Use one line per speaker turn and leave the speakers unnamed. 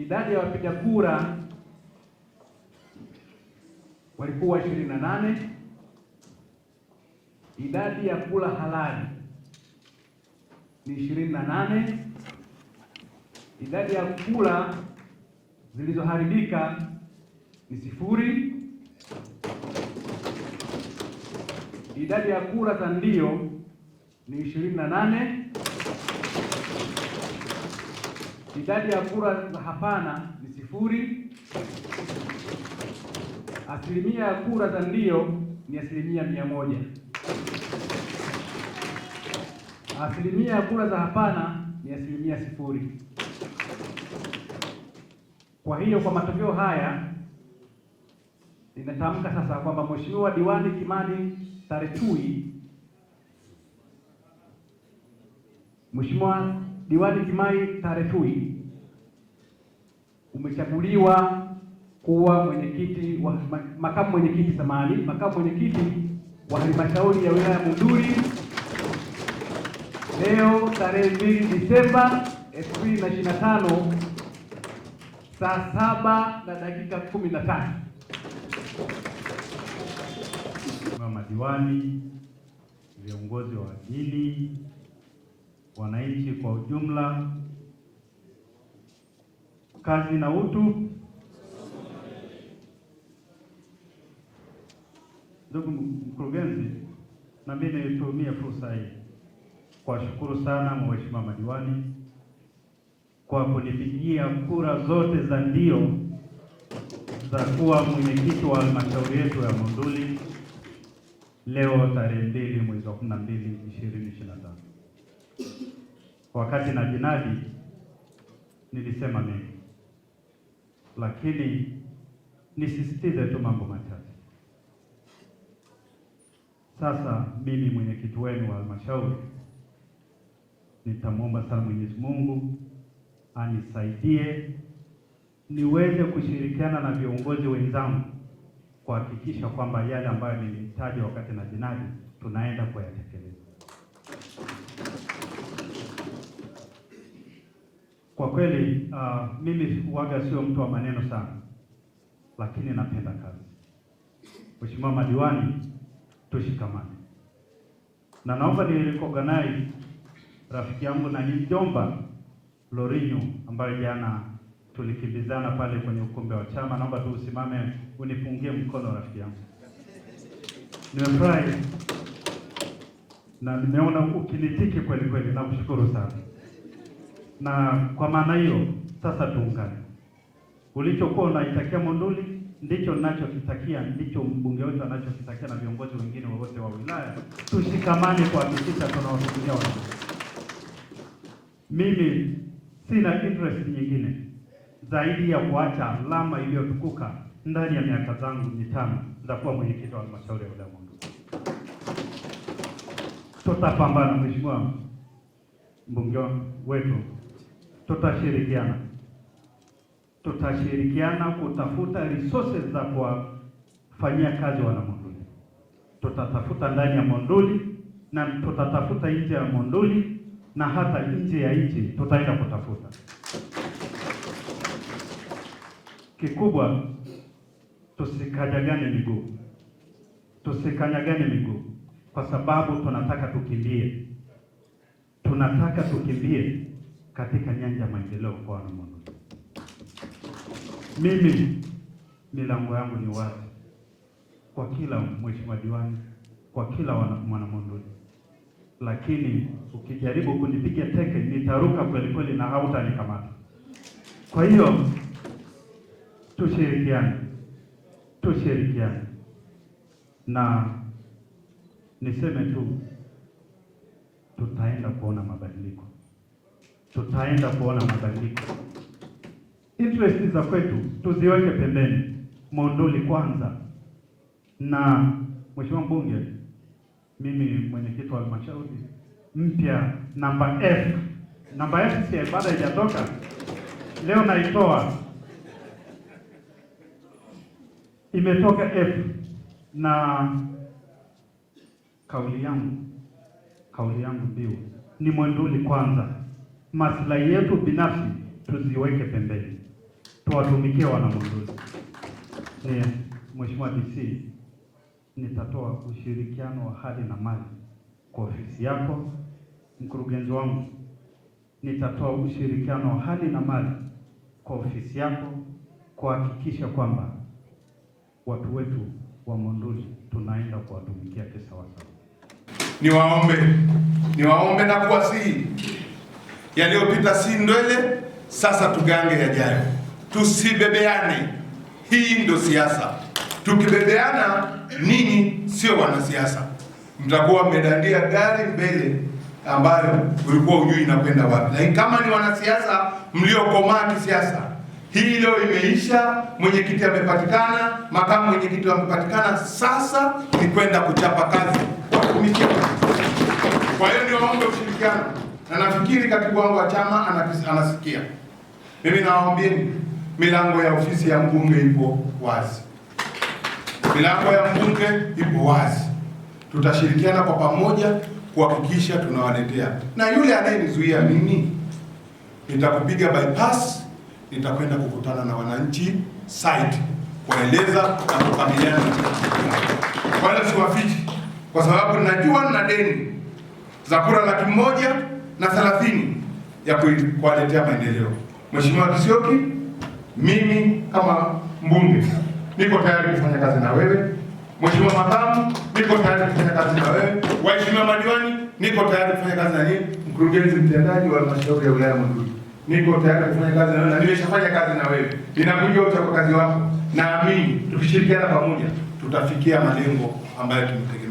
idadi ya wapiga kura walikuwa 28 Idadi ya kula halali ni ishirini na Idadi ya kula zilizoharibika ni sifuri. Idadi ya kura za ndio ni ishirini na Idadi ya kura za hapana ni sifuri. Asilimia ya kura za ndio ni asilimia mia moja. Asilimia ya kura za hapana ni asilimia sifuri. Kwa hiyo kwa matokeo haya ninatamka sasa kwamba Mheshimiwa Diwani Kimani sarechui Mheshimiwa Diwani Kimai Taretui umechaguliwa kuwa mwenyekiti wa makamu mwenyekiti samani makamu mwenyekiti wa halmashauri ya wilaya Monduli leo tarehe 2 Disemba 2025 saa saba na dakika 15. na Madiwani, viongozi wa dini wananchi kwa ujumla, kazi na utu. Ndugu mkurugenzi, na mimi nitumie fursa hii kuwashukuru sana mheshimiwa madiwani kwa kunipigia kura zote za ndio za kuwa mwenyekiti wa halmashauri yetu ya Monduli leo tarehe mbili mwezi wa 12 2025 wakati na jinadi nilisema mimi, lakini nisisitize tu mambo machache. Sasa mimi mwenyekiti wenu wa halmashauri nitamwomba sana Mwenyezi Mungu anisaidie niweze kushirikiana na viongozi wenzangu kuhakikisha kwamba yale ambayo nilitaja wakati na jinadi tunaenda kuyatekeleza. Kwa kweli uh, mimi huaga sio mtu wa maneno sana, lakini napenda kazi. Mheshimiwa madiwani, tushikamane, na naomba nirecognize rafiki yangu na ni mjomba Lorinyo ambayo jana tulikimbizana pale kwenye ukumbi wa chama. Naomba tu usimame unipungie mkono rafiki yangu, nimefurahi na nimeona ukinitiki kweli kweli, nakushukuru sana na kwa maana hiyo sasa tuungane. Ulichokuwa unaitakia Monduli ndicho ninachokitakia, ndicho mbunge wetu anachokitakia na viongozi wengine wote wa wilaya. Tushikamane kuhakikisha tunawatumikia wananchi. Mimi sina interest nyingine zaidi ya kuacha alama iliyotukuka ndani ya miaka zangu mitano za kuwa mwenyekiti wa halmashauri ya wilaya Monduli. Tutapambana, mheshimiwa mbunge wetu tutashirikiana, tutashirikiana kutafuta resources za kuwafanyia kazi wana Monduli. Tutatafuta ndani ya Monduli na tutatafuta nje ya Monduli na hata nje ya nchi tutaenda kutafuta. Kikubwa tusikanyagane miguu, tusikanyagane miguu, kwa sababu tunataka tukimbie, tunataka tukimbie katika nyanja ya maendeleo kwa wanamwanga. Mimi milango yangu ni wazi kwa kila mheshimiwa diwani, kwa kila mwanamonduli, lakini ukijaribu kunipiga teke nitaruka kweli kweli na hautanikamata. Kwa hiyo tushirikiane, tushirikiane na niseme tu tutaenda kuona mabadiliko tutaenda kuona mabadiliko. Interest za kwetu tuziweke pembeni, Monduli kwanza. Na mheshimiwa mbunge, mimi mwenyekiti wa halmashauri mpya namba F, namba F si baada haijatoka leo, naitoa imetoka F na kauli yangu, kauli yangu mbiu ni Monduli kwanza maslahi yetu binafsi tuziweke pembeni, tuwatumikie wanamunduzi Ni e, Mheshimiwa DC, nitatoa ushirikiano wa hali na mali kwa ofisi yako. Mkurugenzi wangu, nitatoa ushirikiano wa hali na mali kwa ofisi yako kuhakikisha kwamba watu wetu wa Monduli tunaenda kuwatumikia kisawasawa.
Niwaombe, niwaombe na kuwasihi Yaliyopita si ndwele, sasa tugange yajayo, tusibebeane. Hii ndo siasa. Tukibebeana ninyi sio wanasiasa, mtakuwa mmedandia gari mbele ambayo ulikuwa hujui inakwenda wapi. Lakini kama ni wanasiasa mliokomaa kisiasa, hii leo imeisha, mwenyekiti amepatikana, makamu mwenyekiti amepatikana, sasa ni kwenda kuchapa kazi, watumikia. Kwa hiyo ya ushirikiano na nafikiri katibu wangu wa chama anasikia. Mimi nawaambieni, milango ya ofisi ya mbunge ipo wazi, milango ya mbunge ipo wazi. Tutashirikiana kwa pamoja kuhakikisha tunawaletea, na yule anayenizuia mimi nitakupiga bypass, nitakwenda kukutana na wananchi site kueleza na kukabiliana wala siwafichi, kwa sababu najua na deni za kura laki moja na thelathini ya kuwaletea maendeleo. Mheshimiwa Kisioki, mimi kama mbunge niko tayari kufanya kazi na wewe. Mheshimiwa makamu, niko tayari kufanya kazi na wewe. Waheshimiwa madiwani, niko tayari kufanya kazi na nyinyi. Mkurugenzi mtendaji wa halmashauri ya wilaya Monduli, niko tayari kufanya kazi na wewe na nimeshafanya kazi na wewe, ninakujua kazi wako. Naamini tukishirikiana pamoja tutafikia malengo ambayo tumetegemea.